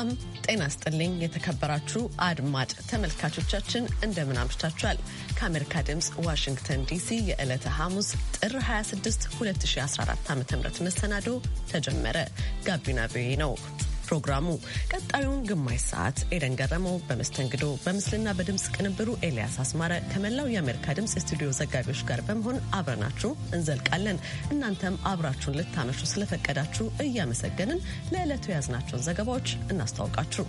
ሰላም ጤና ስጥልኝ። የተከበራችሁ አድማጭ ተመልካቾቻችን እንደምን አምሽታችኋል? ከአሜሪካ ድምፅ ዋሽንግተን ዲሲ የዕለተ ሐሙስ ጥር 26 2014 ዓ ም መሰናዶ ተጀመረ። ጋቢና ቪኦኤ ነው። ፕሮግራሙ። ቀጣዩን ግማሽ ሰዓት ኤደን ገረመው በመስተንግዶ በምስልና በድምፅ ቅንብሩ ኤልያስ አስማረ ከመላው የአሜሪካ ድምፅ የስቱዲዮ ዘጋቢዎች ጋር በመሆን አብረናችሁ እንዘልቃለን። እናንተም አብራችሁን ልታመሹ ስለፈቀዳችሁ እያመሰገንን ለዕለቱ የያዝናቸውን ዘገባዎች እናስታውቃችሁ።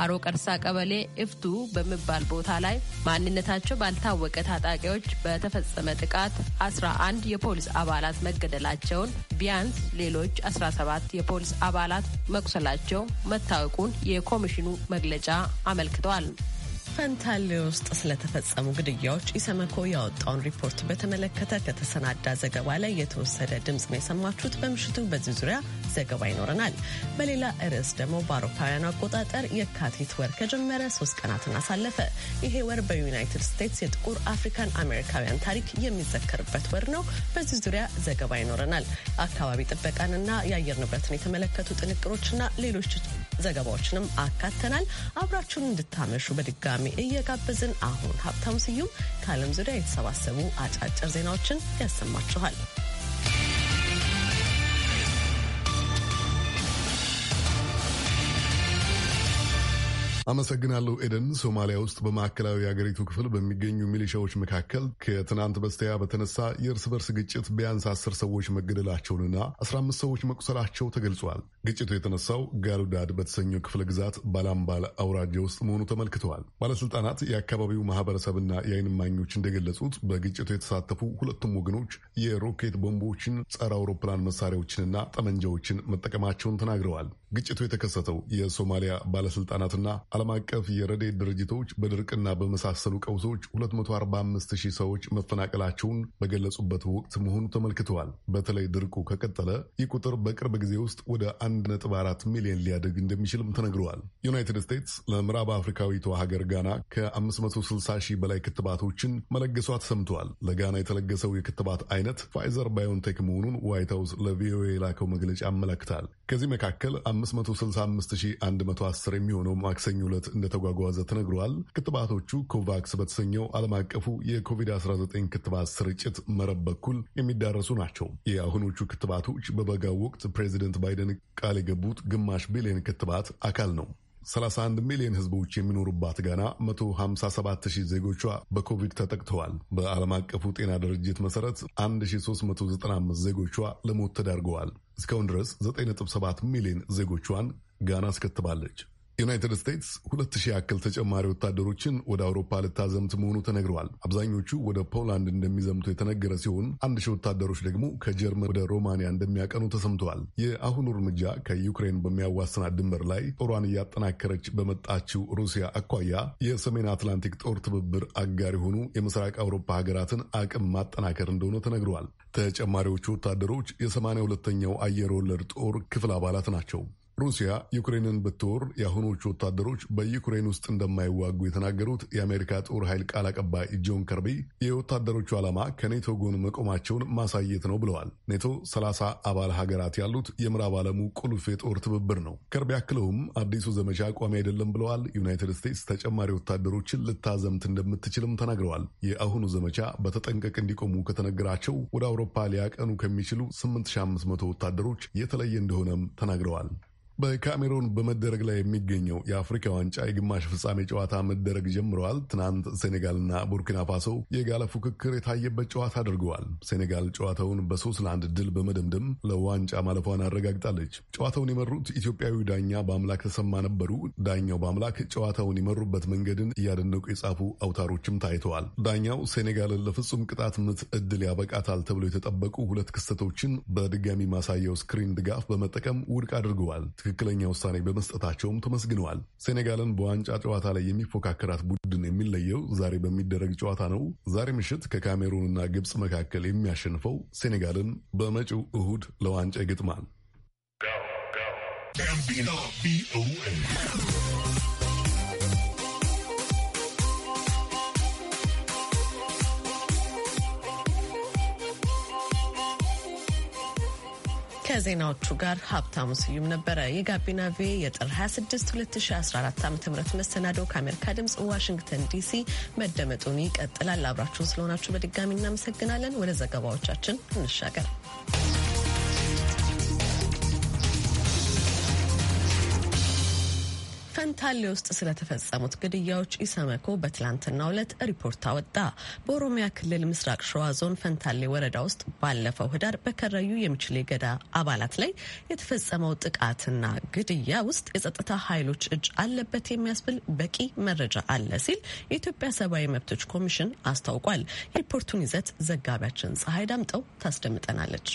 አሮ ቀርሳ ቀበሌ እፍቱ በሚባል ቦታ ላይ ማንነታቸው ባልታወቀ ታጣቂዎች በተፈጸመ ጥቃት 11 የፖሊስ አባላት መገደላቸውን ቢያንስ ሌሎች 17 የፖሊስ አባላት መቁሰላቸው መታወቁን የኮሚሽኑ መግለጫ አመልክተዋል። ፈንታሌ ውስጥ ስለተፈጸሙ ግድያዎች ኢሰመኮ ያወጣውን ሪፖርት በተመለከተ ከተሰናዳ ዘገባ ላይ የተወሰደ ድምፅ ነው የሰማችሁት። በምሽቱ በዚህ ዙሪያ ዘገባ ይኖረናል። በሌላ ርዕስ ደግሞ በአውሮፓውያኑ አቆጣጠር የካቲት ወር ከጀመረ ሶስት ቀናትን አሳለፈ። ይሄ ወር በዩናይትድ ስቴትስ የጥቁር አፍሪካን አሜሪካውያን ታሪክ የሚዘከርበት ወር ነው። በዚህ ዙሪያ ዘገባ ይኖረናል። አካባቢ ጥበቃንና የአየር ንብረትን የተመለከቱ ጥንቅሮችና ሌሎች ዘገባዎችንም አካተናል። አብራችሁን እንድታመሹ በድጋሚ እየጋበዝን አሁን ሀብታሙ ስዩም ከዓለም ዙሪያ የተሰባሰቡ አጫጭር ዜናዎችን ያሰማችኋል። አመሰግናለሁ ኤደን። ሶማሊያ ውስጥ በማዕከላዊ የአገሪቱ ክፍል በሚገኙ ሚሊሻዎች መካከል ከትናንት በስቲያ በተነሳ የእርስ በርስ ግጭት ቢያንስ አስር ሰዎች መገደላቸውንና አስራ አምስት ሰዎች መቁሰላቸው ተገልጿል። ግጭቱ የተነሳው ጋሉዳድ በተሰኘው ክፍለ ግዛት ባላምባል አውራጃ ውስጥ መሆኑ ተመልክተዋል። ባለስልጣናት የአካባቢው ማህበረሰብና የአይን እማኞች እንደገለጹት በግጭቱ የተሳተፉ ሁለቱም ወገኖች የሮኬት ቦምቦችን፣ ጸረ አውሮፕላን መሳሪያዎችንና ጠመንጃዎችን መጠቀማቸውን ተናግረዋል። ግጭቱ የተከሰተው የሶማሊያ ባለስልጣናትና ዓለም አቀፍ የረዴት ድርጅቶች በድርቅና በመሳሰሉ ቀውሶች 245 ሺህ ሰዎች መፈናቀላቸውን በገለጹበት ወቅት መሆኑ ተመልክተዋል። በተለይ ድርቁ ከቀጠለ ይህ ቁጥር በቅርብ ጊዜ ውስጥ ወደ 1.4 ሚሊዮን ሊያድግ እንደሚችልም ተነግረዋል። ዩናይትድ ስቴትስ ለምዕራብ አፍሪካዊቷ ሀገር ጋና ከ560 ሺህ በላይ ክትባቶችን መለገሷ ተሰምተዋል። ለጋና የተለገሰው የክትባት አይነት ፋይዘር ባዮንቴክ መሆኑን ዋይት ሀውስ ለቪኦኤ የላከው መግለጫ ያመለክታል። ከዚህ መካከል 565110 የሚሆነው ማክሰኞ ዕለት እንደተጓጓዘ ተነግሯል። ክትባቶቹ ኮቫክስ በተሰኘው ዓለም አቀፉ የኮቪድ-19 ክትባት ስርጭት መረብ በኩል የሚዳረሱ ናቸው። የአሁኖቹ ክትባቶች በበጋው ወቅት ፕሬዚደንት ባይደን ቃል የገቡት ግማሽ ቢሊዮን ክትባት አካል ነው። 31 ሚሊዮን ህዝቦች የሚኖሩባት ጋና 157000 ዜጎቿ በኮቪድ ተጠቅተዋል። በዓለም አቀፉ ጤና ድርጅት መሠረት 1395 ዜጎቿ ለሞት ተዳርገዋል። እስካሁን ድረስ 9.7 ሚሊዮን ዜጎቿን ጋና አስከትባለች። ዩናይትድ ስቴትስ ሁለት ሺህ ያክል ተጨማሪ ወታደሮችን ወደ አውሮፓ ልታዘምት መሆኑ ተነግረዋል። አብዛኞቹ ወደ ፖላንድ እንደሚዘምቱ የተነገረ ሲሆን አንድ ሺህ ወታደሮች ደግሞ ከጀርመን ወደ ሮማንያ እንደሚያቀኑ ተሰምተዋል። የአሁኑ እርምጃ ከዩክሬን በሚያዋስናት ድንበር ላይ ጦሯን እያጠናከረች በመጣችው ሩሲያ አኳያ የሰሜን አትላንቲክ ጦር ትብብር አጋር የሆኑ የምስራቅ አውሮፓ ሀገራትን አቅም ማጠናከር እንደሆነ ተነግረዋል። ተጨማሪዎቹ ወታደሮች የሰማንያ ሁለተኛው አየር ወለድ ጦር ክፍል አባላት ናቸው። ሩሲያ ዩክሬንን ብትወር የአሁኖቹ ወታደሮች በዩክሬን ውስጥ እንደማይዋጉ የተናገሩት የአሜሪካ ጦር ኃይል ቃል አቀባይ ጆን ከርቢ የወታደሮቹ ዓላማ ከኔቶ ጎን መቆማቸውን ማሳየት ነው ብለዋል። ኔቶ ሰላሳ አባል ሀገራት ያሉት የምዕራብ ዓለሙ ቁልፍ የጦር ትብብር ነው። ከርቢ አክለውም አዲሱ ዘመቻ ቋሚ አይደለም ብለዋል። ዩናይትድ ስቴትስ ተጨማሪ ወታደሮችን ልታዘምት እንደምትችልም ተናግረዋል። የአሁኑ ዘመቻ በተጠንቀቅ እንዲቆሙ ከተነገራቸው ወደ አውሮፓ ሊያቀኑ ከሚችሉ 8500 ወታደሮች የተለየ እንደሆነም ተናግረዋል። በካሜሮን በመደረግ ላይ የሚገኘው የአፍሪካ ዋንጫ የግማሽ ፍጻሜ ጨዋታ መደረግ ጀምረዋል። ትናንት ሴኔጋልና ቡርኪና ፋሶ የጋለ ፉክክር የታየበት ጨዋታ አድርገዋል። ሴኔጋል ጨዋታውን በሶስት ለአንድ ድል በመደምደም ለዋንጫ ማለፏን አረጋግጣለች። ጨዋታውን የመሩት ኢትዮጵያዊ ዳኛ በአምላክ ተሰማ ነበሩ። ዳኛው በአምላክ ጨዋታውን የመሩበት መንገድን እያደነቁ የጻፉ አውታሮችም ታይተዋል። ዳኛው ሴኔጋልን ለፍጹም ቅጣት ምት እድል ያበቃታል ተብሎ የተጠበቁ ሁለት ክስተቶችን በድጋሚ ማሳያው ስክሪን ድጋፍ በመጠቀም ውድቅ አድርገዋል። ትክክለኛ ውሳኔ በመስጠታቸውም ተመስግነዋል። ሴኔጋልን በዋንጫ ጨዋታ ላይ የሚፎካከራት ቡድን የሚለየው ዛሬ በሚደረግ ጨዋታ ነው። ዛሬ ምሽት ከካሜሩንና ግብፅ መካከል የሚያሸንፈው ሴኔጋልን በመጪው እሁድ ለዋንጫ ይገጥማል። ከዜናዎቹ ጋር ሀብታሙ ስዩም ነበረ። የጋቢና ቪ የጥር 26 2014 ዓ ም መሰናዶ ከአሜሪካ ድምፅ ዋሽንግተን ዲሲ መደመጡን ይቀጥላል። አብራችሁን ስለሆናችሁ በድጋሚ እናመሰግናለን። ወደ ዘገባዎቻችን እንሻገር። ፈንታሌ ውስጥ ስለተፈጸሙት ግድያዎች ኢሰመኮ በትላንትናው ዕለት ሪፖርት አወጣ። በኦሮሚያ ክልል ምስራቅ ሸዋ ዞን ፈንታሌ ወረዳ ውስጥ ባለፈው ህዳር በከረዩ የሚችል የገዳ አባላት ላይ የተፈጸመው ጥቃትና ግድያ ውስጥ የጸጥታ ኃይሎች እጅ አለበት የሚያስብል በቂ መረጃ አለ ሲል የኢትዮጵያ ሰብአዊ መብቶች ኮሚሽን አስታውቋል። የሪፖርቱን ይዘት ዘጋቢያችን ፀሐይ ዳምጠው ታስደምጠናለች።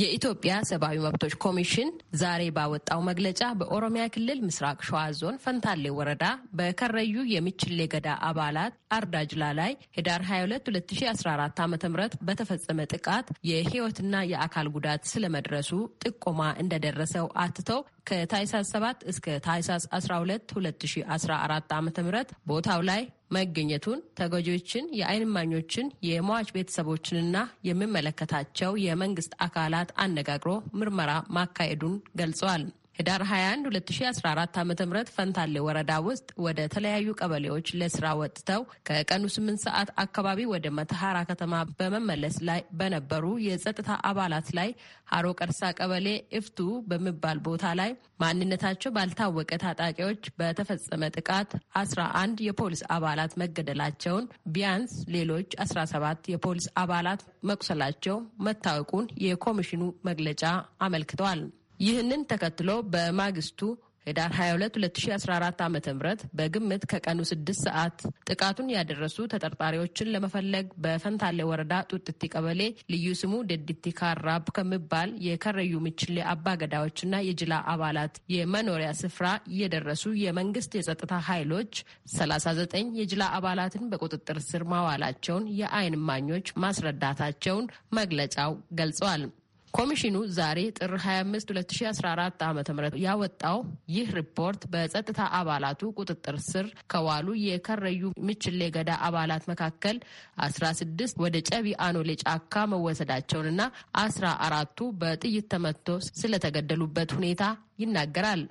የኢትዮጵያ ሰብአዊ መብቶች ኮሚሽን ዛሬ ባወጣው መግለጫ በኦሮሚያ ክልል ምስራቅ ሸዋ ዞን ፈንታሌ ወረዳ በከረዩ የሚችሌ ገዳ አባላት አርዳጅላ ላይ ህዳር 22 2014 ዓ ም በተፈጸመ ጥቃት የህይወትና የአካል ጉዳት ስለመድረሱ ጥቆማ እንደደረሰው አትተው ከታይሳስ 7 እስከ ታይሳስ 12 2014 ዓ ም ቦታው ላይ መገኘቱን ተጎጂዎችን፣ የአይን እማኞችን፣ የሟች ቤተሰቦችንና የሚመለከታቸው የመንግስት አካላት አነጋግሮ ምርመራ ማካሄዱን ገልጸዋል። ህዳር 21 2014 ዓ ም ፈንታሌ ወረዳ ውስጥ ወደ ተለያዩ ቀበሌዎች ለስራ ወጥተው ከቀኑ 8 ሰዓት አካባቢ ወደ መተሐራ ከተማ በመመለስ ላይ በነበሩ የጸጥታ አባላት ላይ ሀሮ ቀርሳ ቀበሌ እፍቱ በሚባል ቦታ ላይ ማንነታቸው ባልታወቀ ታጣቂዎች በተፈጸመ ጥቃት 11 የፖሊስ አባላት መገደላቸውን ቢያንስ ሌሎች 17 የፖሊስ አባላት መቁሰላቸው መታወቁን የኮሚሽኑ መግለጫ አመልክተዋል። ይህንን ተከትሎ በማግስቱ ህዳር 22 2014 ዓ ም በግምት ከቀኑ 6 ሰዓት ጥቃቱን ያደረሱ ተጠርጣሪዎችን ለመፈለግ በፈንታሌ ወረዳ ጡጥቲ ቀበሌ ልዩ ስሙ ደድቲ ካራብ ከሚባል የከረዩ ምችሌ አባገዳዎች ና የጅላ አባላት የመኖሪያ ስፍራ የደረሱ የመንግስት የጸጥታ ኃይሎች 39 የጅላ አባላትን በቁጥጥር ስር ማዋላቸውን የአይን ማኞች ማስረዳታቸውን መግለጫው ገልጸዋል። ኮሚሽኑ ዛሬ ጥር 25 2014 ዓ ም ያወጣው ይህ ሪፖርት በጸጥታ አባላቱ ቁጥጥር ስር ከዋሉ የከረዩ ምችሌ ገዳ አባላት መካከል 16 ወደ ጨቢ አኖሌ ጫካ መወሰዳቸውንና 14 ቱ በጥይት ተመትቶ ስለተገደሉበት ሁኔታ ይናገራል።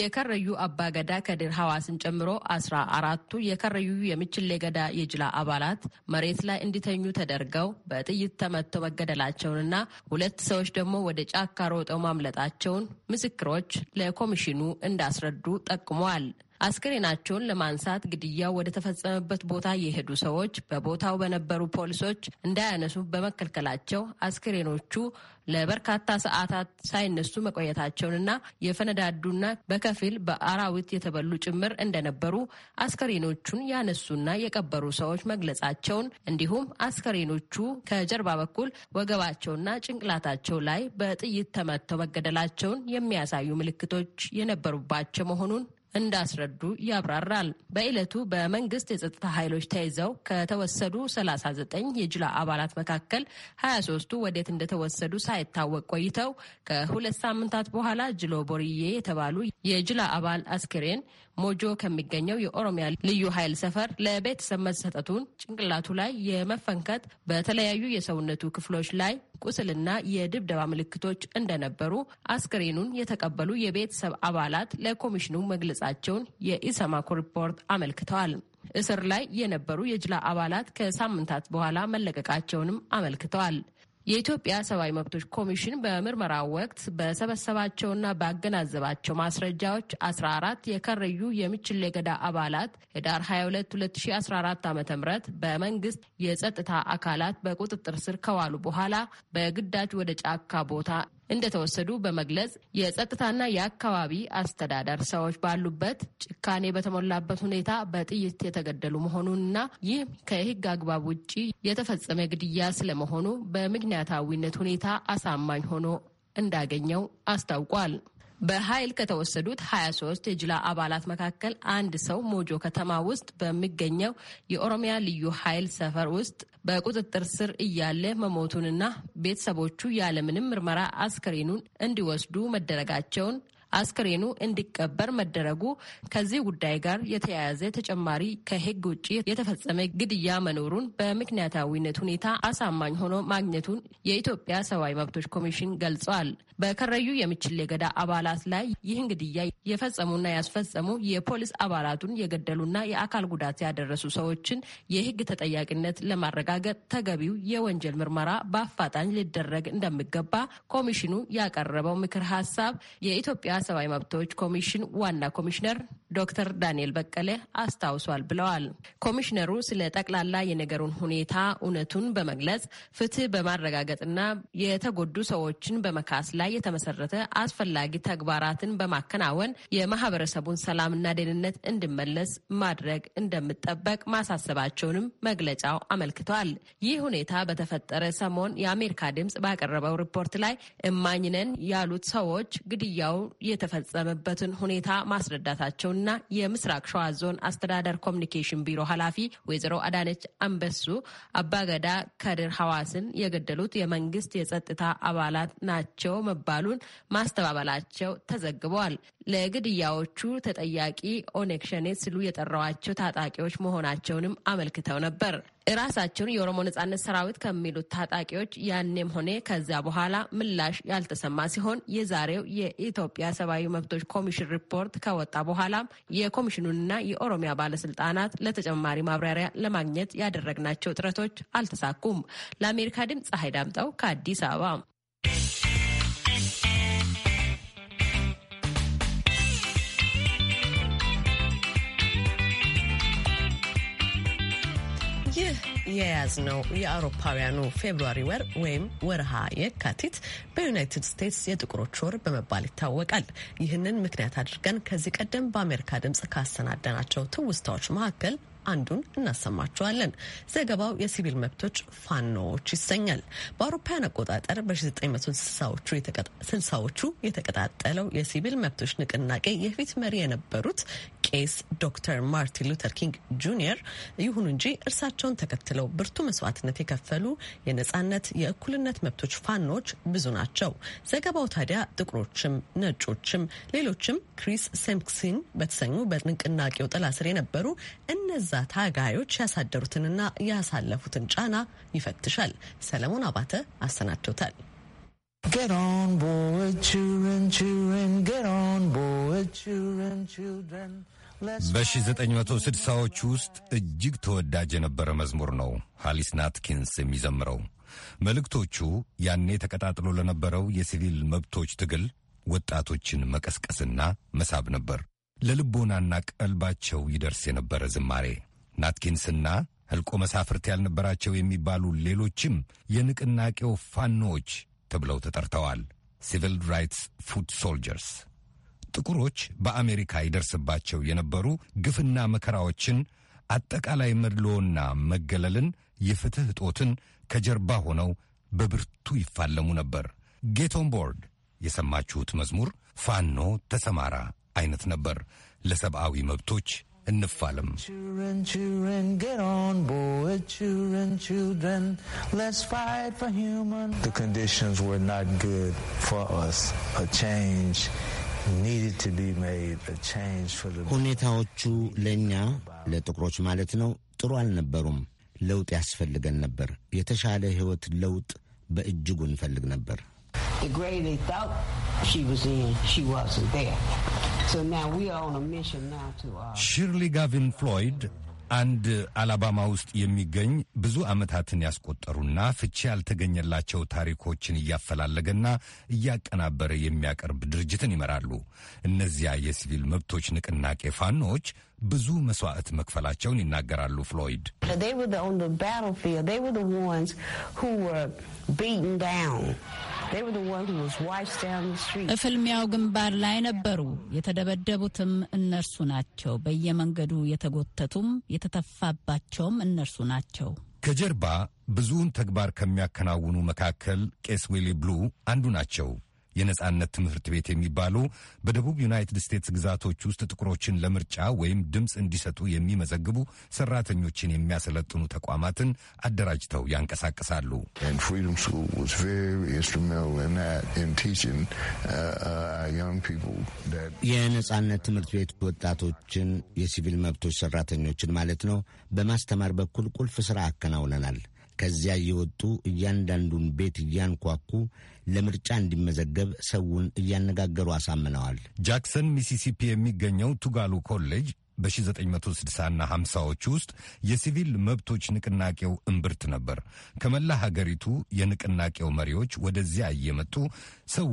የከረዩ ገዳ ከድር ሐዋስን ጨምሮ አስራ አራቱ የከረዩ የምችሌ ገዳ የጅላ አባላት መሬት ላይ እንዲተኙ ተደርገው በጥይት ተመትተው መገደላቸውንና ሁለት ሰዎች ደግሞ ወደ ጫካ ሮጠው ማምለጣቸውን ምስክሮች ለኮሚሽኑ እንዳስረዱ ጠቁመዋል። አስክሬናቸውን ለማንሳት ግድያው ወደ ተፈጸመበት ቦታ የሄዱ ሰዎች በቦታው በነበሩ ፖሊሶች እንዳያነሱ በመከልከላቸው አስክሬኖቹ ለበርካታ ሰዓታት ሳይነሱ መቆየታቸውንና የፈነዳዱና በከፊል በአራዊት የተበሉ ጭምር እንደነበሩ አስከሬኖቹን ያነሱና የቀበሩ ሰዎች መግለጻቸውን እንዲሁም አስከሬኖቹ ከጀርባ በኩል ወገባቸውና ጭንቅላታቸው ላይ በጥይት ተመተው መገደላቸውን የሚያሳዩ ምልክቶች የነበሩባቸው መሆኑን እንዳስረዱ ያብራራል። በዕለቱ በመንግስት የጸጥታ ኃይሎች ተይዘው ከተወሰዱ 39 የጅላ አባላት መካከል 23ቱ ወዴት እንደተወሰዱ ሳይታወቅ ቆይተው ከሁለት ሳምንታት በኋላ ጅሎ ቦርዬ የተባሉ የጅላ አባል አስክሬን ሞጆ ከሚገኘው የኦሮሚያ ልዩ ኃይል ሰፈር ለቤተሰብ መሰጠቱን፣ ጭንቅላቱ ላይ የመፈንከት በተለያዩ የሰውነቱ ክፍሎች ላይ ቁስልና የድብደባ ምልክቶች እንደነበሩ አስክሬኑን የተቀበሉ የቤተሰብ አባላት ለኮሚሽኑ መግለጽ መግለጻቸውን የኢሰማኮ ሪፖርት አመልክተዋል። እስር ላይ የነበሩ የጅላ አባላት ከሳምንታት በኋላ መለቀቃቸውንም አመልክተዋል። የኢትዮጵያ ሰብአዊ መብቶች ኮሚሽን በምርመራ ወቅት በሰበሰባቸውና ባገናዘባቸው ማስረጃዎች 14 የከረዩ የሚችሌ ገዳ አባላት ህዳር 22 2014 ዓ ም በመንግስት የጸጥታ አካላት በቁጥጥር ስር ከዋሉ በኋላ በግዳጅ ወደ ጫካ ቦታ እንደተወሰዱ በመግለጽ የጸጥታና የአካባቢ አስተዳደር ሰዎች ባሉበት ጭካኔ በተሞላበት ሁኔታ በጥይት የተገደሉ መሆኑንና ይህ ከሕግ አግባብ ውጭ የተፈጸመ ግድያ ስለመሆኑ በምክንያታዊነት ሁኔታ አሳማኝ ሆኖ እንዳገኘው አስታውቋል። በኃይል ከተወሰዱት 23 የጅላ አባላት መካከል አንድ ሰው ሞጆ ከተማ ውስጥ በሚገኘው የኦሮሚያ ልዩ ኃይል ሰፈር ውስጥ በቁጥጥር ስር እያለ መሞቱንና ቤተሰቦቹ ያለምንም ምርመራ አስከሬኑን እንዲወስዱ መደረጋቸውን አስክሬኑ እንዲቀበር መደረጉ ከዚህ ጉዳይ ጋር የተያያዘ ተጨማሪ ከህግ ውጭ የተፈጸመ ግድያ መኖሩን በምክንያታዊነት ሁኔታ አሳማኝ ሆኖ ማግኘቱን የኢትዮጵያ ሰብአዊ መብቶች ኮሚሽን ገልጿል። በከረዩ የሚችል የገዳ አባላት ላይ ይህን ግድያ የፈጸሙና ያስፈጸሙ የፖሊስ አባላቱን የገደሉና የአካል ጉዳት ያደረሱ ሰዎችን የህግ ተጠያቂነት ለማረጋገጥ ተገቢው የወንጀል ምርመራ በአፋጣኝ ሊደረግ እንደሚገባ ኮሚሽኑ ያቀረበው ምክር ሀሳብ የኢትዮጵያ ሰብአዊ መብቶች ኮሚሽን ዋና ኮሚሽነር ዶክተር ዳንኤል በቀለ አስታውሷል ብለዋል። ኮሚሽነሩ ስለ ጠቅላላ የነገሩን ሁኔታ እውነቱን በመግለጽ ፍትህ በማረጋገጥና የተጎዱ ሰዎችን በመካስ ላይ የተመሰረተ አስፈላጊ ተግባራትን በማከናወን የማህበረሰቡን ሰላምና ደህንነት እንዲመለስ ማድረግ እንደሚጠበቅ ማሳሰባቸውንም መግለጫው አመልክቷል። ይህ ሁኔታ በተፈጠረ ሰሞን የአሜሪካ ድምጽ ባቀረበው ሪፖርት ላይ እማኝነን ያሉት ሰዎች ግድያው የተፈጸመበትን ሁኔታ ማስረዳታቸውና የምስራቅ ሸዋ ዞን አስተዳደር ኮሚኒኬሽን ቢሮ ኃላፊ ወይዘሮ አዳነች አንበሱ አባገዳ ከድር ሐዋስን የገደሉት የመንግስት የጸጥታ አባላት ናቸው መባሉን ማስተባበላቸው ተዘግበዋል። ለግድያዎቹ ተጠያቂ ኦኔክሸኔ ሲሉ የጠራዋቸው ታጣቂዎች መሆናቸውንም አመልክተው ነበር። ራሳችን የኦሮሞ ነጻነት ሰራዊት ከሚሉት ታጣቂዎች ያኔም ሆነ ከዚያ በኋላ ምላሽ ያልተሰማ ሲሆን የዛሬው የኢትዮጵያ ሰብአዊ መብቶች ኮሚሽን ሪፖርት ከወጣ በኋላም የኮሚሽኑንና የኦሮሚያ ባለስልጣናት ለተጨማሪ ማብራሪያ ለማግኘት ያደረግናቸው ጥረቶች አልተሳኩም። ለአሜሪካ ድምፅ ፀሐይ ዳምጠው ከአዲስ አበባ የያዝነው የአውሮፓውያኑ ፌብሩዋሪ ወር ወይም ወርሃ የካቲት በዩናይትድ ስቴትስ የጥቁሮች ወር በመባል ይታወቃል። ይህንን ምክንያት አድርገን ከዚህ ቀደም በአሜሪካ ድምጽ ካሰናደናቸው ትውስታዎች መካከል አንዱን እናሰማችኋለን። ዘገባው የሲቪል መብቶች ፋኖዎች ይሰኛል። በአውሮፓውያን አቆጣጠር በ1960ዎቹ የተቀጣጠለው የሲቪል መብቶች ንቅናቄ የፊት መሪ የነበሩት ቄስ ዶክተር ማርቲን ሉተር ኪንግ ጁኒየር፣ ይሁን እንጂ እርሳቸውን ተከትለው ብርቱ መስዋዕትነት የከፈሉ የነጻነት የእኩልነት መብቶች ፋኖዎች ብዙ ናቸው። ዘገባው ታዲያ ጥቁሮችም፣ ነጮችም፣ ሌሎችም ክሪስ ሴምክሲን በተሰኙ በንቅናቄው ጥላ ስር የነበሩ እነዛ በገዛ ታጋዮች ያሳደሩትንና ያሳለፉትን ጫና ይፈትሻል። ሰለሞን አባተ አሰናድቶታል። በ1960ዎቹ ውስጥ እጅግ ተወዳጅ የነበረ መዝሙር ነው ሃሊስ ናትኪንስ የሚዘምረው። መልእክቶቹ ያኔ ተቀጣጥሎ ለነበረው የሲቪል መብቶች ትግል ወጣቶችን መቀስቀስና መሳብ ነበር። ለልቦናና ቀልባቸው ይደርስ የነበረ ዝማሬ ናትኪንስና ህልቆ መሳፍርት ያልነበራቸው የሚባሉ ሌሎችም የንቅናቄው ፋኖዎች ተብለው ተጠርተዋል። ሲቪል ራይትስ ፉድ ሶልጀርስ ጥቁሮች በአሜሪካ ይደርስባቸው የነበሩ ግፍና መከራዎችን፣ አጠቃላይ መድሎና መገለልን፣ የፍትህ እጦትን ከጀርባ ሆነው በብርቱ ይፋለሙ ነበር። ጌቶን ቦርድ የሰማችሁት መዝሙር ፋኖ ተሰማራ አይነት ነበር። ለሰብአዊ መብቶች እንፋለም። ሁኔታዎቹ ለእኛ ለጥቁሮች ማለት ነው ጥሩ አልነበሩም። ለውጥ ያስፈልገን ነበር። የተሻለ ሕይወት ለውጥ በእጅጉ እንፈልግ ነበር። ሽርሊ ጋቪን ፍሎይድ አንድ አላባማ ውስጥ የሚገኝ ብዙ ዓመታትን ያስቆጠሩና ፍቺ ያልተገኘላቸው ታሪኮችን እያፈላለገና እያቀናበረ የሚያቀርብ ድርጅትን ይመራሉ። እነዚያ የሲቪል መብቶች ንቅናቄ ፋኖዎች ብዙ መስዋዕት መክፈላቸውን ይናገራሉ። ፍሎይድ እፍልሚያው ግንባር ላይ ነበሩ። የተደበደቡትም እነርሱ ናቸው። በየመንገዱ የተጎተቱም የተተፋባቸውም እነርሱ ናቸው። ከጀርባ ብዙውን ተግባር ከሚያከናውኑ መካከል ቄስ ዊሊ ብሉ አንዱ ናቸው። የነጻነት ትምህርት ቤት የሚባሉ በደቡብ ዩናይትድ ስቴትስ ግዛቶች ውስጥ ጥቁሮችን ለምርጫ ወይም ድምፅ እንዲሰጡ የሚመዘግቡ ሰራተኞችን የሚያሰለጥኑ ተቋማትን አደራጅተው ያንቀሳቅሳሉ። uh, uh, የነጻነት ትምህርት ቤት ወጣቶችን፣ የሲቪል መብቶች ሰራተኞችን ማለት ነው፣ በማስተማር በኩል ቁልፍ ስራ አከናውነናል። ከዚያ እየወጡ እያንዳንዱን ቤት እያንኳኩ ለምርጫ እንዲመዘገብ ሰውን እያነጋገሩ አሳምነዋል። ጃክሰን ሚሲሲፒ የሚገኘው ቱጋሉ ኮሌጅ በ1960ና 50ዎች ውስጥ የሲቪል መብቶች ንቅናቄው እምብርት ነበር። ከመላ ሀገሪቱ የንቅናቄው መሪዎች ወደዚያ እየመጡ ሰው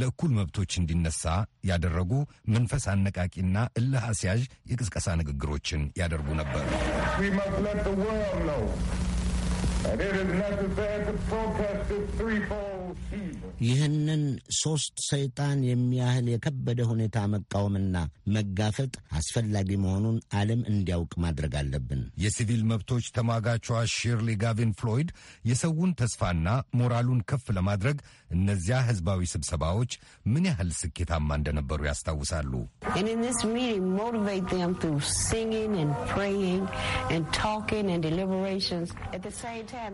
ለእኩል መብቶች እንዲነሳ ያደረጉ መንፈስ አነቃቂና እልህ አስያዥ የቅስቀሳ ንግግሮችን ያደርጉ ነበር። and it is necessary to protest this threefold. ይህንን ሶስት ሰይጣን የሚያህል የከበደ ሁኔታ መቃወምና መጋፈጥ አስፈላጊ መሆኑን ዓለም እንዲያውቅ ማድረግ አለብን። የሲቪል መብቶች ተሟጋቿ ሺርሊ ጋቪን ፍሎይድ የሰውን ተስፋና ሞራሉን ከፍ ለማድረግ እነዚያ ህዝባዊ ስብሰባዎች ምን ያህል ስኬታማ እንደነበሩ ያስታውሳሉ።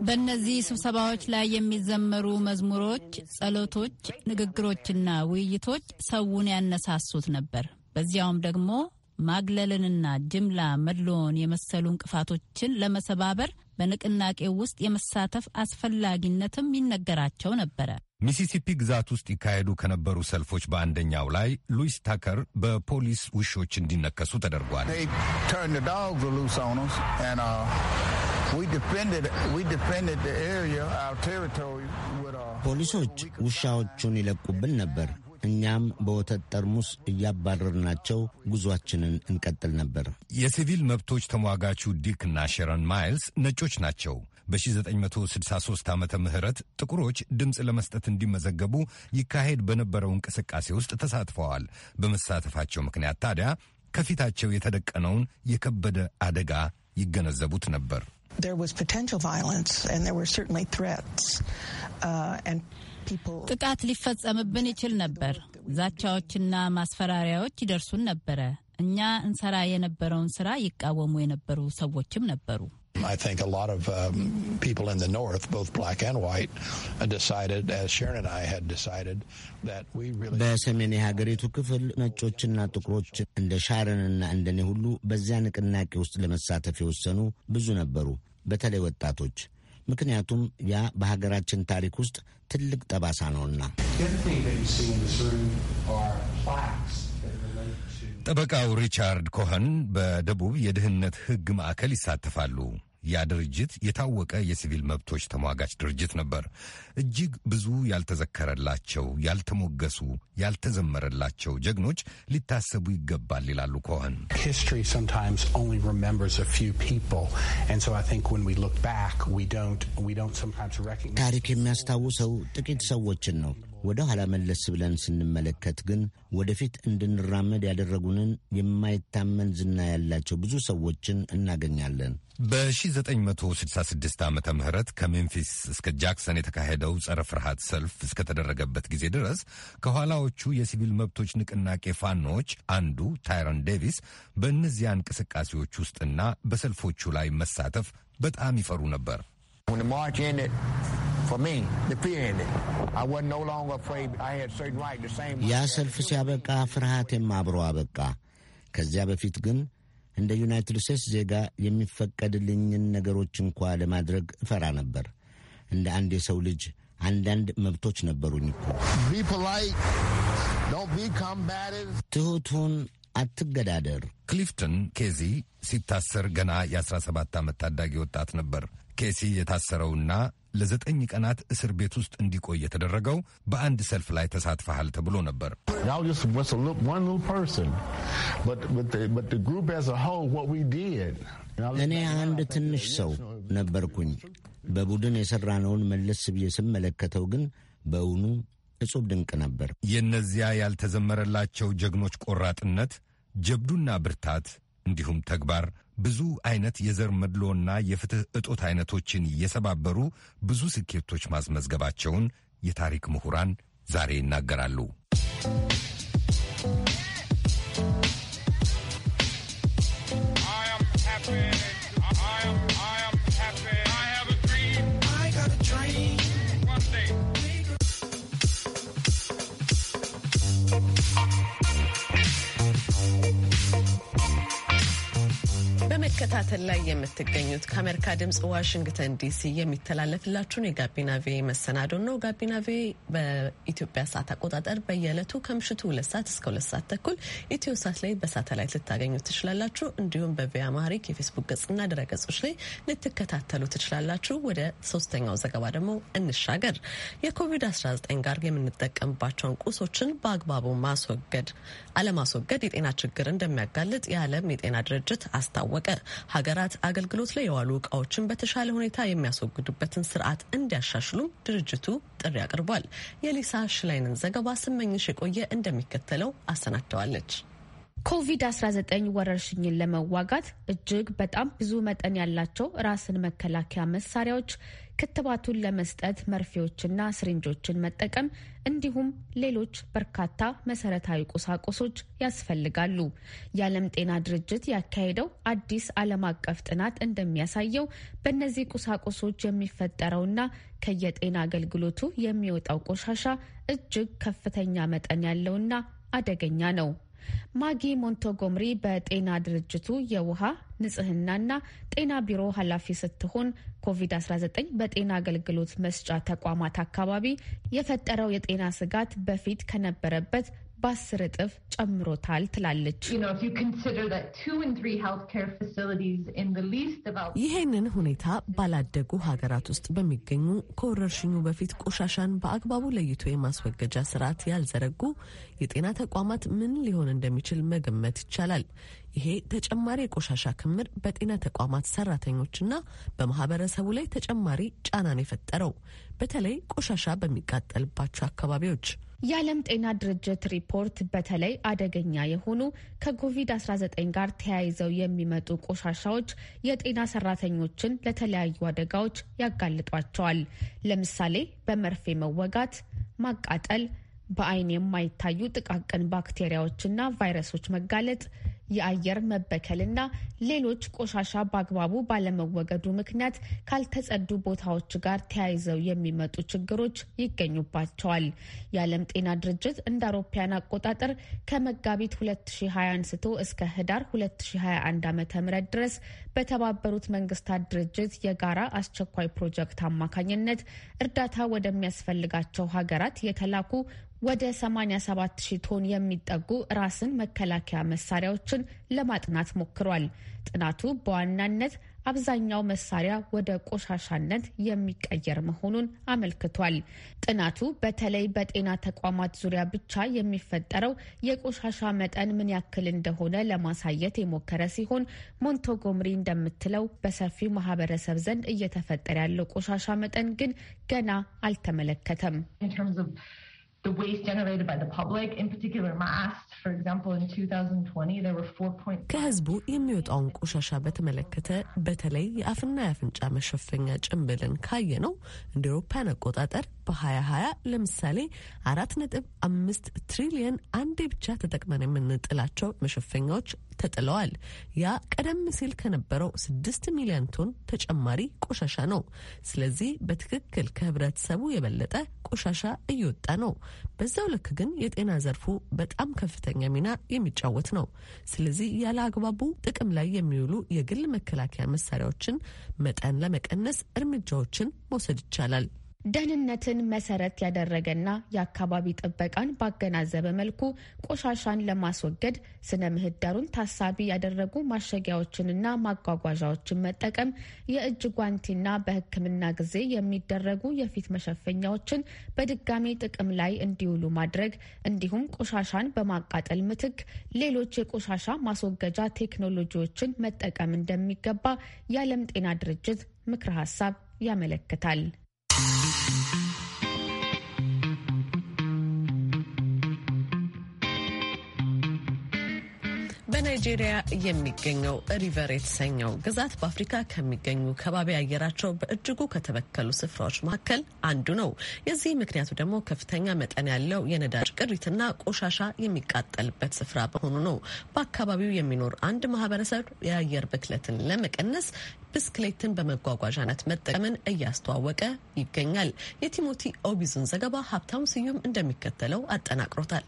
በእነዚህ ስብሰባዎች ላይ የሚዘመሩ መዝሙሮች ንግግሮች፣ ጸሎቶች፣ ንግግሮችና ውይይቶች ሰውን ያነሳሱት ነበር። በዚያውም ደግሞ ማግለልንና ጅምላ መድሎን የመሰሉ እንቅፋቶችን ለመሰባበር በንቅናቄው ውስጥ የመሳተፍ አስፈላጊነትም ይነገራቸው ነበረ። ሚሲሲፒ ግዛት ውስጥ ይካሄዱ ከነበሩ ሰልፎች በአንደኛው ላይ ሉዊስ ታከር በፖሊስ ውሾች እንዲነከሱ ተደርጓል። Uh, ፖሊሶች ውሻዎቹን ይለቁብን ነበር። እኛም በወተት ጠርሙስ እያባረርናቸው ጉዟችንን እንቀጥል ነበር። የሲቪል መብቶች ተሟጋቹ ዲክ እና ሼረን ማይልስ ነጮች ናቸው። በ1963 ዓመተ ምህረት ጥቁሮች ድምፅ ለመስጠት እንዲመዘገቡ ይካሄድ በነበረው እንቅስቃሴ ውስጥ ተሳትፈዋል። በመሳተፋቸው ምክንያት ታዲያ ከፊታቸው የተደቀነውን የከበደ አደጋ ይገነዘቡት ነበር። Uh, ጥቃት ሊፈጸምብን ይችል ነበር። ዛቻዎችና ማስፈራሪያዎች ይደርሱን ነበረ። እኛ እንሰራ የነበረውን ስራ ይቃወሙ የነበሩ ሰዎችም ነበሩ። I think a lot of um, people in the North, both black and white, decided, as Sharon and I had decided, that we really. በሰሜን የሀገሪቱ ክፍል ነጮችና ጥቁሮች እንደ ሻረንና እንደኔ ሁሉ በዚያ ንቅናቄ ውስጥ ለመሳተፍ የወሰኑ ብዙ ነበሩ፣ በተለይ ወጣቶች። ምክንያቱም ያ በሀገራችን ታሪክ ውስጥ ትልቅ ጠባሳ ነውና። ጠበቃው ሪቻርድ ኮኸን በደቡብ የድህነት ሕግ ማዕከል ይሳተፋሉ። ያ ድርጅት የታወቀ የሲቪል መብቶች ተሟጋች ድርጅት ነበር። እጅግ ብዙ ያልተዘከረላቸው፣ ያልተሞገሱ፣ ያልተዘመረላቸው ጀግኖች ሊታሰቡ ይገባል ይላሉ ኮኸን። ታሪክ የሚያስታውሰው ጥቂት ሰዎችን ነው። ወደ ኋላ መለስ ብለን ስንመለከት ግን ወደፊት እንድንራመድ ያደረጉንን የማይታመን ዝና ያላቸው ብዙ ሰዎችን እናገኛለን። በ1966 ዓ ም ከሜምፊስ እስከ ጃክሰን የተካሄደው ጸረ ፍርሃት ሰልፍ እስከተደረገበት ጊዜ ድረስ ከኋላዎቹ የሲቪል መብቶች ንቅናቄ ፋኖዎች አንዱ ታይረን ዴቪስ በእነዚያ እንቅስቃሴዎች ውስጥና በሰልፎቹ ላይ መሳተፍ በጣም ይፈሩ ነበር። When the march ended, ያ ሰልፍ ሲያበቃ ፍርሃቴም አብሮ አበቃ። ከዚያ በፊት ግን እንደ ዩናይትድ ስቴትስ ዜጋ የሚፈቀድልኝን ነገሮች እንኳ ለማድረግ እፈራ ነበር። እንደ አንድ የሰው ልጅ አንዳንድ መብቶች ነበሩኝ እኮ። ትሑት አትገዳደር። ክሊፍተን ኬዚ ሲታሰር ገና የ17 ዓመት ታዳጊ ወጣት ነበር። ኬሲ የታሰረውና ለዘጠኝ ቀናት እስር ቤት ውስጥ እንዲቆይ የተደረገው በአንድ ሰልፍ ላይ ተሳትፈሃል ተብሎ ነበር። እኔ አንድ ትንሽ ሰው ነበርኩኝ። በቡድን የሠራነውን መለስ ብዬ ስመለከተው ግን በእውኑ እጹብ ድንቅ ነበር። የእነዚያ ያልተዘመረላቸው ጀግኖች ቆራጥነት፣ ጀብዱና ብርታት እንዲሁም ተግባር ብዙ አይነት የዘር መድሎና የፍትህ እጦት አይነቶችን እየሰባበሩ ብዙ ስኬቶች ማስመዝገባቸውን የታሪክ ምሁራን ዛሬ ይናገራሉ። በመከታተል ላይ የምትገኙት ከአሜሪካ ድምጽ ዋሽንግተን ዲሲ የሚተላለፍላችሁን የጋቢና ቪ መሰናዶ ነው። ጋቢና ቪ በኢትዮጵያ ሰዓት አቆጣጠር በየዕለቱ ከምሽቱ ሁለት ሰዓት እስከ ሁለት ሰዓት ተኩል ኢትዮ ሳት ላይ በሳተላይት ልታገኙ ትችላላችሁ። እንዲሁም በቪ አማሪክ የፌስቡክ ገጽና ድረ ገጾች ላይ ልትከታተሉ ትችላላችሁ። ወደ ሶስተኛው ዘገባ ደግሞ እንሻገር። የኮቪድ-19 ጋር የምንጠቀምባቸውን ቁሶችን በአግባቡ ማስወገድ አለማስወገድ የጤና ችግር እንደሚያጋልጥ የዓለም የጤና ድርጅት አስታወቀ። ሀገራት አገልግሎት ላይ የዋሉ እቃዎችን በተሻለ ሁኔታ የሚያስወግዱበትን ስርዓት እንዲያሻሽሉም ድርጅቱ ጥሪ አቅርቧል። የሊሳ ሽላይንን ዘገባ ስመኝሽ የቆየ እንደሚከተለው አሰናድተዋለች። ኮቪድ-19 ወረርሽኝን ለመዋጋት እጅግ በጣም ብዙ መጠን ያላቸው ራስን መከላከያ መሳሪያዎች ክትባቱን ለመስጠት መርፌዎችና ስሪንጆችን መጠቀም እንዲሁም ሌሎች በርካታ መሰረታዊ ቁሳቁሶች ያስፈልጋሉ። የዓለም ጤና ድርጅት ያካሄደው አዲስ ዓለም አቀፍ ጥናት እንደሚያሳየው በእነዚህ ቁሳቁሶች የሚፈጠረውና ከየጤና አገልግሎቱ የሚወጣው ቆሻሻ እጅግ ከፍተኛ መጠን ያለውና አደገኛ ነው። ማጊ ሞንቶጎምሪ በጤና ድርጅቱ የውሃ ንጽህናና ጤና ቢሮ ኃላፊ ስትሆን ኮቪድ-19 በጤና አገልግሎት መስጫ ተቋማት አካባቢ የፈጠረው የጤና ስጋት በፊት ከነበረበት በአስር እጥፍ ጨምሮታል ትላለች። ይህንን ሁኔታ ባላደጉ ሀገራት ውስጥ በሚገኙ ከወረርሽኙ በፊት ቆሻሻን በአግባቡ ለይቶ የማስወገጃ ስርዓት ያልዘረጉ የጤና ተቋማት ምን ሊሆን እንደሚችል መገመት ይቻላል። ይሄ ተጨማሪ የቆሻሻ ክምር በጤና ተቋማት ሰራተኞችና በማህበረሰቡ ላይ ተጨማሪ ጫናን የፈጠረው በተለይ ቆሻሻ በሚቃጠልባቸው አካባቢዎች የዓለም ጤና ድርጅት ሪፖርት በተለይ አደገኛ የሆኑ ከኮቪድ-19 ጋር ተያይዘው የሚመጡ ቆሻሻዎች የጤና ሰራተኞችን ለተለያዩ አደጋዎች ያጋልጧቸዋል። ለምሳሌ በመርፌ መወጋት፣ ማቃጠል፣ በአይን የማይታዩ ጥቃቅን ባክቴሪያዎችና ቫይረሶች መጋለጥ የአየር መበከልና ሌሎች ቆሻሻ በአግባቡ ባለመወገዱ ምክንያት ካልተጸዱ ቦታዎች ጋር ተያይዘው የሚመጡ ችግሮች ይገኙባቸዋል። የዓለም ጤና ድርጅት እንደ አውሮፓያን አቆጣጠር ከመጋቢት 2020 አንስቶ እስከ ህዳር 2021 ዓ.ም ድረስ በተባበሩት መንግስታት ድርጅት የጋራ አስቸኳይ ፕሮጀክት አማካኝነት እርዳታ ወደሚያስፈልጋቸው ሀገራት የተላኩ ወደ 87 ሺህ ቶን የሚጠጉ ራስን መከላከያ መሳሪያዎችን ለማጥናት ሞክሯል። ጥናቱ በዋናነት አብዛኛው መሳሪያ ወደ ቆሻሻነት የሚቀየር መሆኑን አመልክቷል። ጥናቱ በተለይ በጤና ተቋማት ዙሪያ ብቻ የሚፈጠረው የቆሻሻ መጠን ምን ያክል እንደሆነ ለማሳየት የሞከረ ሲሆን ሞንቶጎምሪ እንደምትለው በሰፊው ማህበረሰብ ዘንድ እየተፈጠረ ያለው ቆሻሻ መጠን ግን ገና አልተመለከተም። the waste generated by the public, in particular mass, for example, in 2020 there were 4.5 ከህዝቡ የሚወጣውን ቆሻሻ በተመለከተ በተለይ የአፍና የአፍንጫ መሸፈኛ ጭንብልን ካየ ነው እንደ አውሮፓውያን አቆጣጠር በ2020 ለምሳሌ 4.5 ትሪሊየን አንዴ ብቻ ተጠቅመን የምንጥላቸው መሸፈኛዎች ተጥለዋል። ያ ቀደም ሲል ከነበረው ስድስት ሚሊዮን ቶን ተጨማሪ ቆሻሻ ነው። ስለዚህ በትክክል ከህብረተሰቡ የበለጠ ቆሻሻ እየወጣ ነው። በዛው ልክ ግን የጤና ዘርፉ በጣም ከፍተኛ ሚና የሚጫወት ነው። ስለዚህ ያለ አግባቡ ጥቅም ላይ የሚውሉ የግል መከላከያ መሳሪያዎችን መጠን ለመቀነስ እርምጃዎችን መውሰድ ይቻላል። ደህንነትን መሰረት ያደረገና የአካባቢ ጥበቃን ባገናዘበ መልኩ ቆሻሻን ለማስወገድ ስነ ምህዳሩን ታሳቢ ያደረጉ ማሸጊያዎችንና ማጓጓዣዎችን መጠቀም፣ የእጅ ጓንቲና በሕክምና ጊዜ የሚደረጉ የፊት መሸፈኛዎችን በድጋሚ ጥቅም ላይ እንዲውሉ ማድረግ እንዲሁም ቆሻሻን በማቃጠል ምትክ ሌሎች የቆሻሻ ማስወገጃ ቴክኖሎጂዎችን መጠቀም እንደሚገባ የዓለም ጤና ድርጅት ምክረ ሀሳብ ያመለክታል። በናይጄሪያ የሚገኘው ሪቨር የተሰኘው ግዛት በአፍሪካ ከሚገኙ ከባቢ አየራቸው በእጅጉ ከተበከሉ ስፍራዎች መካከል አንዱ ነው። የዚህ ምክንያቱ ደግሞ ከፍተኛ መጠን ያለው የነዳጅ ቅሪትና ቆሻሻ የሚቃጠልበት ስፍራ በሆኑ ነው። በአካባቢው የሚኖር አንድ ማህበረሰብ የአየር ብክለትን ለመቀነስ ብስክሌትን በመጓጓዣነት መጠቀምን እያስተዋወቀ ይገኛል። የቲሞቲ ኦቢዙን ዘገባ ሀብታሙ ስዩም እንደሚከተለው አጠናቅሮታል።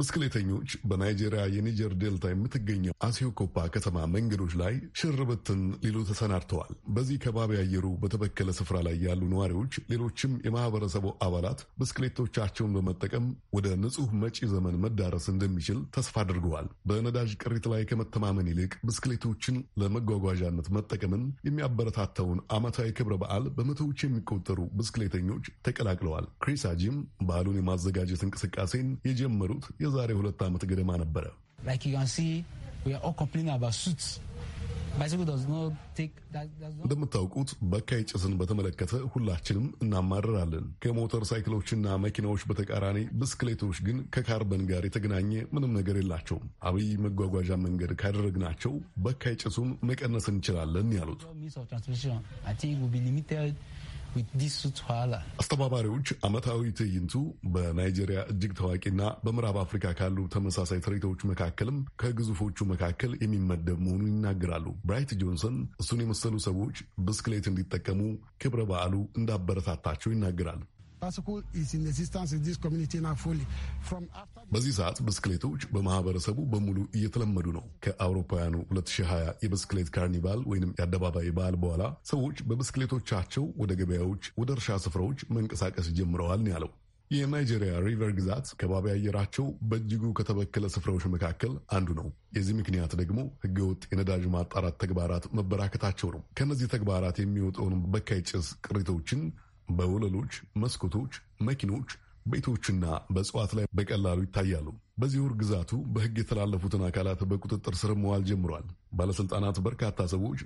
ብስክሌተኞች በናይጄሪያ የኒጀር ዴልታ የምትገኘው አሲዮኮፓ ከተማ መንገዶች ላይ ሽርብትን ሊሉ ተሰናድተዋል። በዚህ ከባቢ አየሩ በተበከለ ስፍራ ላይ ያሉ ነዋሪዎች፣ ሌሎችም የማህበረሰቡ አባላት ብስክሌቶቻቸውን በመጠቀም ወደ ንጹህ መጪ ዘመን መዳረስ እንደሚችል ተስፋ አድርገዋል። በነዳጅ ቅሪት ላይ ከመተማመን ይልቅ ብስክሌቶችን ለመጓጓዣነት መጠቀምን የሚያበረታታውን ዓመታዊ ክብረ በዓል በመቶዎች የሚቆጠሩ ብስክሌተኞች ተቀላቅለዋል። ክሪስ አጂም በዓሉን የማዘጋጀት እንቅስቃሴን የጀመሩት የዛሬ ሁለት ዓመት ገደማ ነበረ። እንደምታውቁት በካይ ጭስን በተመለከተ ሁላችንም እናማርራለን። ከሞተር ሳይክሎችና መኪናዎች በተቃራኒ ብስክሌቶች ግን ከካርበን ጋር የተገናኘ ምንም ነገር የላቸውም። አብይ መጓጓዣ መንገድ ካደረግናቸው በካይ ጭሱን መቀነስ እንችላለን ያሉት አስተባባሪዎች ዓመታዊ ትዕይንቱ በናይጄሪያ እጅግ ታዋቂና በምዕራብ አፍሪካ ካሉ ተመሳሳይ ትርኢቶች መካከልም ከግዙፎቹ መካከል የሚመደብ መሆኑን ይናገራሉ። ብራይት ጆንሰን እሱን የመሰሉ ሰዎች ብስክሌት እንዲጠቀሙ ክብረ በዓሉ እንዳበረታታቸው ይናገራል። በዚህ ሰዓት ብስክሌቶች በማህበረሰቡ በሙሉ እየተለመዱ ነው። ከአውሮፓውያኑ 2020 የብስክሌት ካርኒቫል ወይም የአደባባይ በዓል በኋላ ሰዎች በብስክሌቶቻቸው ወደ ገበያዎች፣ ወደ እርሻ ስፍራዎች መንቀሳቀስ ጀምረዋል ነው ያለው። የናይጄሪያ ሪቨር ግዛት ከባቢ አየራቸው በእጅጉ ከተበከለ ስፍራዎች መካከል አንዱ ነው። የዚህ ምክንያት ደግሞ ህገወጥ የነዳጅ ማጣራት ተግባራት መበራከታቸው ነው። ከእነዚህ ተግባራት የሚወጣውን በካይ ጭስ ቅሪቶችን በወለሎች፣ መስኮቶች፣ መኪኖች፣ ቤቶችና በእጽዋት ላይ በቀላሉ ይታያሉ። በዚህ ወር ግዛቱ በሕግ የተላለፉትን አካላት በቁጥጥር ስር መዋል ጀምሯል። ባለሥልጣናት በርካታ ሰዎች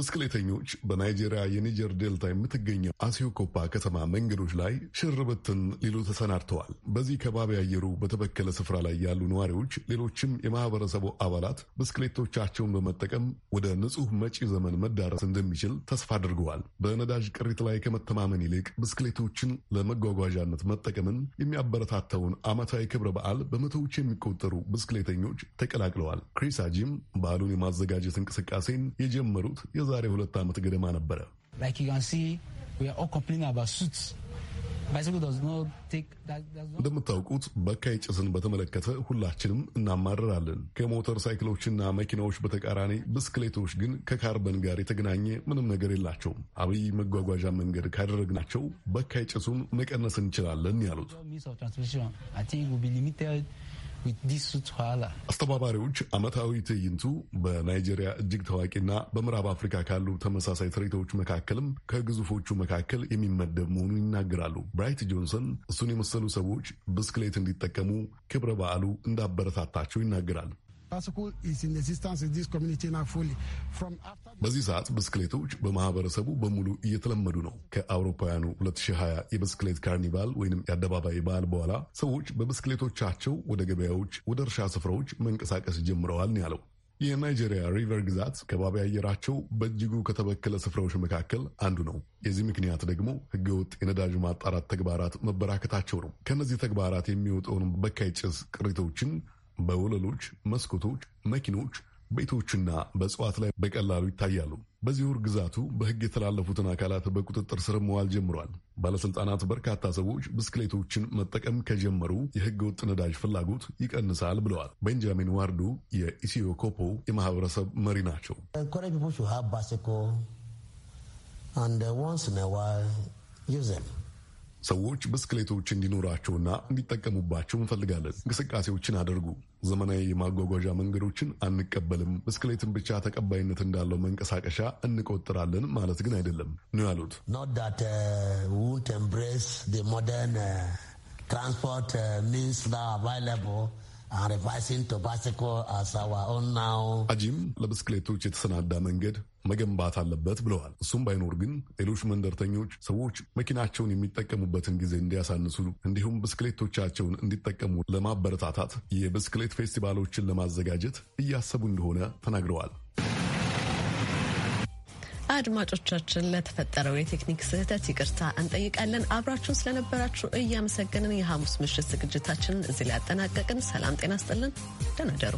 ብስክሌተኞች በናይጄሪያ የኒጀር ዴልታ የምትገኘው አሲዮኮፓ ከተማ መንገዶች ላይ ሽርብትን ሊሉ ተሰናድተዋል። በዚህ ከባቢ አየሩ በተበከለ ስፍራ ላይ ያሉ ነዋሪዎች፣ ሌሎችም የማህበረሰቡ አባላት ብስክሌቶቻቸውን በመጠቀም ወደ ንጹህ መጪ ዘመን መዳረስ እንደሚችል ተስፋ አድርገዋል። በነዳጅ ቅሪት ላይ ከመተማመን ይልቅ ብስክሌቶችን ለመጓጓዣነት መጠቀምን የሚያበረታታውን ዓመታዊ ክብረ በዓል በመቶዎች የሚቆጠሩ ብስክሌተኞች ተቀላቅለዋል። ክሪስ አጂም በዓሉን የማዘጋጀት እንቅስቃሴን የጀመሩት የዛሬ ሁለት ዓመት ገደማ ነበረ። እንደምታውቁት በካይ ጭስን በተመለከተ ሁላችንም እናማርራለን። ከሞተር ሳይክሎችና መኪናዎች በተቃራኒ ብስክሌቶች ግን ከካርበን ጋር የተገናኘ ምንም ነገር የላቸውም። አብይ መጓጓዣ መንገድ ካደረግናቸው በካይ ጭሱን መቀነስ እንችላለን ያሉት አስተባባሪዎች ዓመታዊ ትዕይንቱ በናይጄሪያ እጅግ ታዋቂና በምዕራብ አፍሪካ ካሉ ተመሳሳይ ትርኢቶች መካከልም ከግዙፎቹ መካከል የሚመደብ መሆኑን ይናገራሉ። ብራይት ጆንሰን እሱን የመሰሉ ሰዎች ብስክሌት እንዲጠቀሙ ክብረ በዓሉ እንዳበረታታቸው ይናገራል። በዚህ ሰዓት ብስክሌቶች በማህበረሰቡ በሙሉ እየተለመዱ ነው። ከአውሮፓውያኑ 2020 የብስክሌት ካርኒቫል ወይም የአደባባይ በዓል በኋላ ሰዎች በብስክሌቶቻቸው ወደ ገበያዎች፣ ወደ እርሻ ስፍራዎች መንቀሳቀስ ጀምረዋል ነው ያለው። የናይጄሪያ ሪቨር ግዛት ከባቢ አየራቸው በእጅጉ ከተበከለ ስፍራዎች መካከል አንዱ ነው። የዚህ ምክንያት ደግሞ ህገወጥ የነዳጅ ማጣራት ተግባራት መበራከታቸው ነው። ከእነዚህ ተግባራት የሚወጣውን በካይ ጭስ ቅሪቶችን በወለሎች፣ መስኮቶች፣ መኪኖች ቤቶችና በእጽዋት ላይ በቀላሉ ይታያሉ። በዚህ ወር ግዛቱ በሕግ የተላለፉትን አካላት በቁጥጥር ስር መዋል ጀምሯል። ባለሥልጣናት በርካታ ሰዎች ብስክሌቶችን መጠቀም ከጀመሩ የሕገ ወጥ ነዳጅ ፍላጎት ይቀንሳል ብለዋል። ቤንጃሚን ዋርዱ የኢሲዮ ኮፖ የማህበረሰብ መሪ ናቸው። ኮሬ ሰዎች ብስክሌቶች እንዲኖራቸውና እንዲጠቀሙባቸው እንፈልጋለን። እንቅስቃሴዎችን አድርጉ። ዘመናዊ የማጓጓዣ መንገዶችን አንቀበልም፣ ብስክሌትን ብቻ ተቀባይነት እንዳለው መንቀሳቀሻ እንቆጥራለን ማለት ግን አይደለም ነው ያሉት። ትራንስፖርት ሚንስ and revising as our own now. አጂም ለብስክሌቶች የተሰናዳ መንገድ መገንባት አለበት ብለዋል። እሱም ባይኖር ግን ሌሎች መንደርተኞች ሰዎች መኪናቸውን የሚጠቀሙበትን ጊዜ እንዲያሳንሱ እንዲሁም ብስክሌቶቻቸውን እንዲጠቀሙ ለማበረታታት የብስክሌት ፌስቲቫሎችን ለማዘጋጀት እያሰቡ እንደሆነ ተናግረዋል። አድማጮቻችን ለተፈጠረው የቴክኒክ ስህተት ይቅርታ እንጠይቃለን። አብራችሁን ስለነበራችሁ እያመሰገንን የሐሙስ ምሽት ዝግጅታችንን እዚህ ላይ ያጠናቀቅን። ሰላም ጤና ስጥልን። ደህና ደሩ።